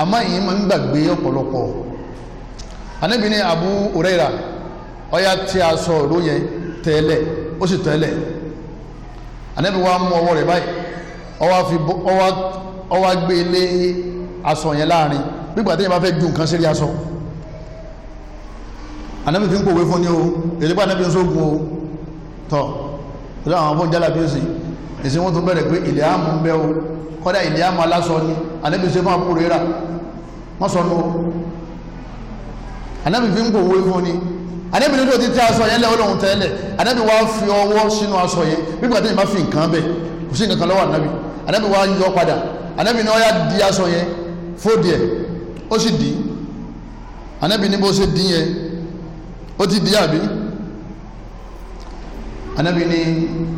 àmọ́ yìí máa ń gbàgbé ọ̀pọ̀lọpọ̀ Ànábì ní Abu Huraira tí a sọ ọ̀rọ̀ yẹn tẹ́lẹ̀ ó sì tẹ́lẹ̀ wa mú ọwọ́ rẹ̀ báyìí ó gbé ilé aṣọ yẹn láàrin nígbà tí yẹn bá fẹ́ ju nǹkan sírí aṣọ Ànábì fi ń pòwe fún ni o èdè pé Ànábì ń sógun o àwọn afọ́njálà bí ó sì ẹ̀sìn wọn tó bẹ̀rẹ̀ pé ilẹ̀ àmú ń bẹ́ o kọ́dá ilẹ̀ àmú aláṣọ ni anábì ṣe fún àpò rírà wọ́n sọ nù o anábì fi ń kò wé fún ni anábì ní tó ti tẹ aṣọ yẹn lẹ́ ọlọ́run tẹ́lẹ̀ anábì wá fi ọwọ́ sínú aṣọ yẹn nígbà tí ìbá fi nǹkan bẹ̀ kò sí nǹkan lọ́wọ́ anábì anábì wá yọ padà anábì ní ọyá di aṣọ yẹn fódìẹ ó sì dì í anábì ní bó ṣe dì yẹn ó ti dì àbí anábì ní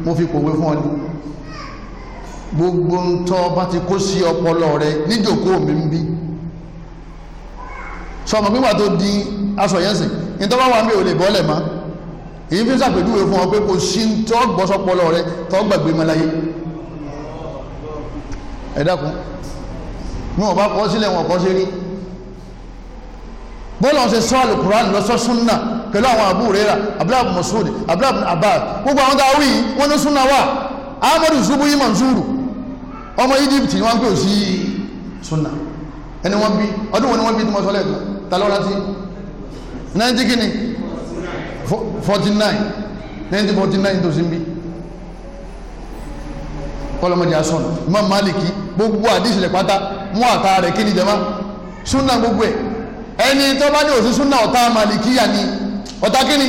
mo fi kòwé fún ọ gbogbo ntọ́ bá ti kó sí ọpọlọ rẹ níjòkó mi ń bí sọmọ pípa tó di aṣọ yẹn sìn ntọ́ bá wà mí ò lè bọ́lẹ̀ mọ́ èyí fi ṣàpèjúwe fún ọ pé kò sí ntọ́ gbọ́sọpọlọ rẹ tọ́ gbàgbé mọ́ láyé ẹ dákun ní wọn bá kọ́ sílẹ̀ wọn kọ́ a wí ọmọ Egypt ni wọ́n ń pè sí sunna ẹni wọ́n bí ọdún wọn ni wọ́n bí tí mo sọ lẹ́ẹ̀kan ta ló rántí nineteen kìíní forty nine tó ń bí kọlọmọdé Maliki gbogbo àdísìlẹ̀ pátá mú àtà rẹ̀ kí ni jẹ́má gbogbo ẹ̀ ẹni tó bá ní òsì súnà ọ̀tá ni ọ̀tá kí ni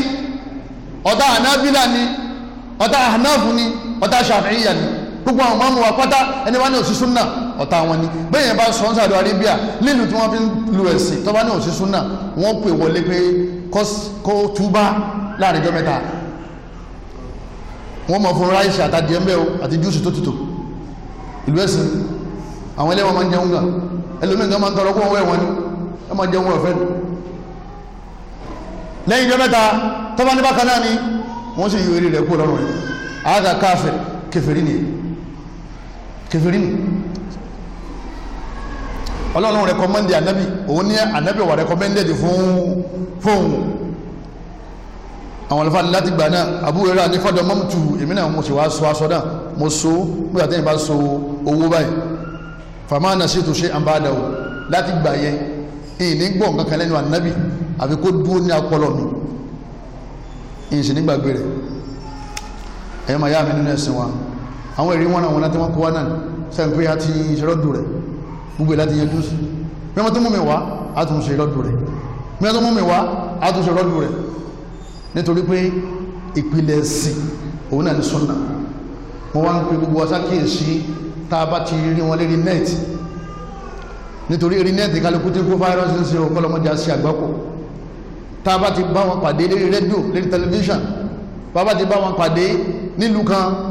ọ̀tá ni ọ̀tá ni ọ̀tá ni gbogbo àwọn máàmù wa pátá ẹni bá ní òsì súnà ọ̀tá wọn ni bẹ́ẹ̀ yẹn bá sọ ń sàdọ̀ Arabia lílù tí wọ́n fi ń lu ẹ̀sìn tó bá ní òsì súnà wọ́n pè wọlé pé kó túbá láàrin ọjọ́ mẹ́ta wọ́n mọ̀ fún ráìsì àtàdìẹ ń bẹ́ o àti júùsì tó tutù ìlú ẹ̀sìn àwọn ẹlẹ́wọ̀n máa ń jẹun gà ẹlòmíì nǹkan máa ń tọrọ kó wọ́n wẹ̀wọ̀n ni ẹ máa jẹun kẹfìrí nù ọlọ́run rẹkọmẹ́ndì ànábì òun ní ànábì wà rẹkọmẹ́ndì fún fóun àwọn ọlọ́fà láti gbà náà àbúrò rà ní fọ́dọ̀ mọ́mùtù èmi náà mo sì wá so aṣọ náà mo so nígbà tẹ́yìn bá so owó báyìí fàmánà sí ètò ṣe àǹbáàdà o láti gbà yẹn ìyìn ní gbọ̀n kankan lẹ́nu ànábì àfi kó dúró ní apọlọ mi ìyìn sì nígbàgbé rẹ̀ ẹ̀yọ́ màá yá mi nínú ẹ̀sìn wa àwọn èrè wọn àwọn láti wọn kó wá náà sẹ́yìn pé a ti ṣerọ́dù rẹ̀ gbogbo láti yanjú sí mẹ́wọ́n tó mú mi wá a tún ṣerọ́dù rẹ̀ mẹ́wọ́n tó mú mi wá a tún ṣerọ́dù rẹ̀ nítorí pé ìpìlẹ̀ ẹ̀sìn òun náà ní sunna mo wá ń pe gbogbo aṣákìyèsí tá a bá ti rí wọn lérí nẹ́ẹ̀tì nítorí eré nẹ́ẹ̀tì kálukú tí kó fáírọ́ọ̀sì ń ṣe ọ̀pọ̀lọmọdé àṣì àgbákò tá a bá ti bá wọn pàdé lérí rédíò lérí tẹlifíṣàn bá bá ti bá wọn pàdé nílùú kan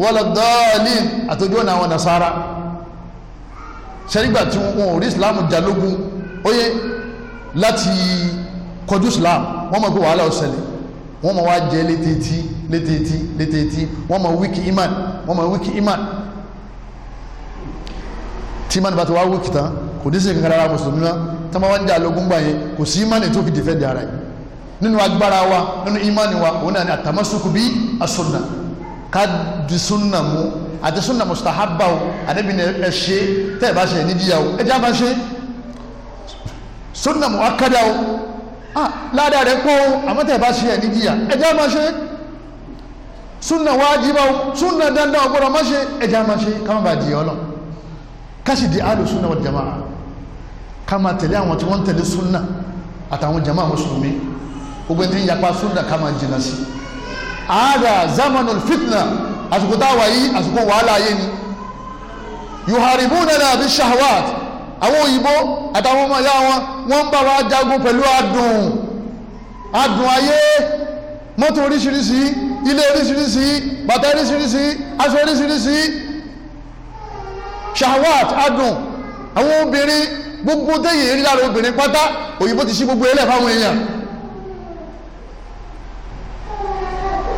wọ́lọ̀ dọ́ọ̀lì àtòjú ọ̀nà àwọn nasara ṣẹ́rígbà tí wọn ò rí islam jalógun óyé láti kọjú islam wọ́n mọ̀ pé wàhálà ọ̀sẹ̀lẹ̀ wọ́n mọ̀ wá jẹ́ létetí létetí létetí wọ́n mọ̀ wíkì iman wọ́n mọ̀ wíkì iman tí iman bá ti wá wíkì tán kò dé sí kankan mùsùlùmí náà tí wọ́n wá ń jalógun gbà yẹn kò sí iman tó fi dìfẹ́ di ara yìí nínú agbára wa nínú iman wa òun náà ni àtàmásùkù bí asùnà ká sunna mu àti sunna mustahaba o anabi ni ẹ ṣe tẹ́ ẹ bá ṣe ẹ ní díya o ẹ jẹ́ àbá ṣe sunna mu akada o ah ládàá rẹ pọ̀ o àmọ́ tẹ́ ẹ bá ṣe ẹ ní díya ẹ jẹ́ àbá ṣe sunna wajiba o sunna dandan o gbọ́dọ̀ má ṣe ẹ jẹ́ àbá ṣe ká má di ọlọ ká sì di alu sunna wal jamaa ká má tẹ̀lé àwọn tí wọ́n tẹ̀lé sunna àtàwọn jamaa mùsùlùmí gbogbo ẹni tí ń yapa sunna ká jìnnà sí i àádà zamanul fitna àsìkò táwa yìí àsìkò wàhálà ayé ni yuharibunana bi shahwat àwọn òyìnbó àtàwọn ọmọ ìyá wọn wọ́n ń bá wa jagun pẹ̀lú adùn adùn ayé mọ́tò oríṣiríṣi ilé oríṣiríṣi bàtà oríṣiríṣi aṣọ oríṣiríṣi shahwat adùn àwọn obìnrin gbogbo téyè rí lára obìnrin pátá òyìnbó ti ṣí gbogbo ẹlẹ́ èèyàn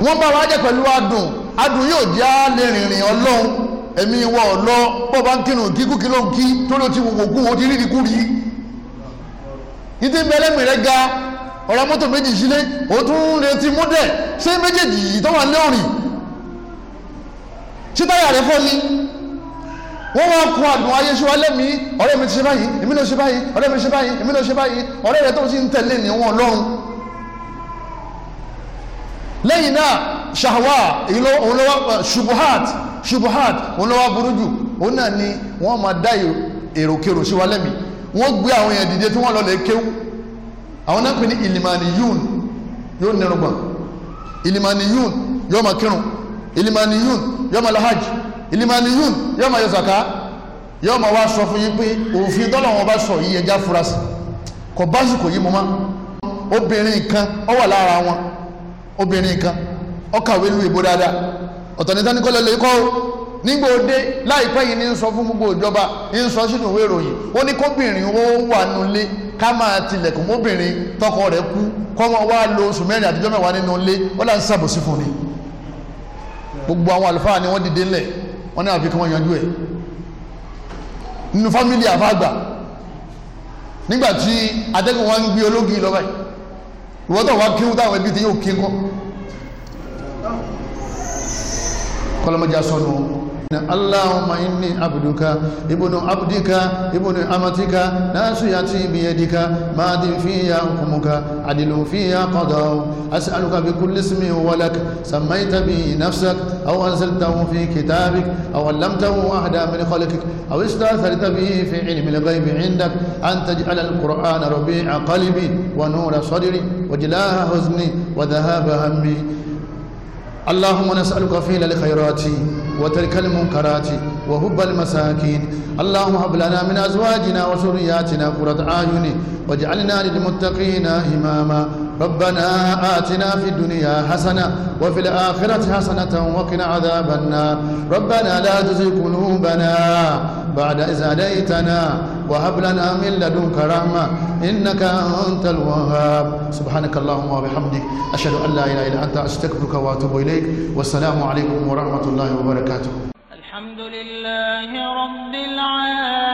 wọ́n bá wa jẹ́ pẹ̀lú adùn adùn yóò jẹ́ á lè rìnrìn ọlọ́run ẹ̀mí wọ ọ̀lọ́ bọ́ bá ń kírun kíkú kí ló ń kí torí o ti wò wògùn o ti rí ikú rí ìdí mẹlẹ́mì rẹ ga ọ̀rọ̀ mọ́tò méjì sílé o tún ń retí mọ́tẹ̀ ṣé méjèèjì yìí tó wà ní òrìn ṣé táyà rẹ fọ́ wọ́n wá kun àdùn ayé ṣe wá lẹ́mí ọ̀rẹ́ mi ti ṣe báyìí èmi ló ṣe báyìí ọ̀rẹ́ mi ṣe báyìí èmi ló ṣe báyìí ọ̀rẹ́ rẹ tó ti ń tẹ̀lé ni wọn ọlọ́run lẹ́yìn náà ṣàwà ṣubuhat ṣubuhat òun ló wá burú jù òun náà ni wọ́n máa dá èròkèrò sí wa lẹ́mìí wọ́n gbé àwọn èèyàn dìde tí wọ́n lọ lè kéwú àwọn náà pè ní ìlìmàní yún yóò nírùngbọ̀n ìlìmàní yún yóò máa kírun ìlìmàní yún yóò máa lọ hajj yóò máa yọ yóò máa wá sọ fún yín pé òfin dọ́là wọn bá sọ yìí ẹja furasí kò básìkò yìí mo má obìnrin kan ó wà lára wọn obìnrin kan ọkàwé lu ìbò dáadáa ọ̀tọ̀ ní tani kọ́lẹ́ lè o nígbà òde láìpẹ́ yìí ní ń sọ gbogbo ìjọba ń sọ sínú ìwé ìròyìn ó ní kóbìnrin ó wà nulẹ̀ ká máa tilẹ̀kùn mọ́bìnrin tọkọ rẹ̀ kú lo oṣù mẹ́rin àtijọ́ mẹ́wàá nínú ilé ó ń fún ni gbogbo àwọn àlùfáà ni wọ́n dìde ńlẹ̀ wọ́n ní àfikún wọn yanjú ẹ̀ nínú fámìlì àfáàgbà nígbà tí atẹ́gùn wọn ń gbé yìí ìwọ́n tó wá kíhun táwọn ẹbí ti yóò kí ń kọ́ kọ́lọ́mọdé asọ́nu اللهم إني عبدك ابن عبدك ابن أمتك ناس يأتي بيدك ماد في حكمك عدل في قضاء أسألك بكل اسم هو لك سميت به نفسك أو أنزلته في كتابك أو علمته أحدا من خلقك أو استأثرت به في علم الغيب عندك أن تجعل القرآن ربيع قلبي ونور صدري وجلاء حزني وذهاب همي اللهم نسألك فيل لخيراتي وترك المنكرات وهب المساكين اللهم هب لنا من أزواجنا وسرياتنا قرة أعين واجعلنا للمتقين إماما ربنا آتنا في الدنيا حسنة وفي الآخرة حسنة وقنا عذاب النار ربنا لا تزغ قلوبنا بعد إذ هديتنا وهب لنا من لدنك رحمة إنك أنت الوهاب سبحانك اللهم وبحمدك أشهد أن لا إله إلا أنت أستغفرك وأتوب إليك والسلام عليكم ورحمة الله وبركاته الحمد لله رب العالمين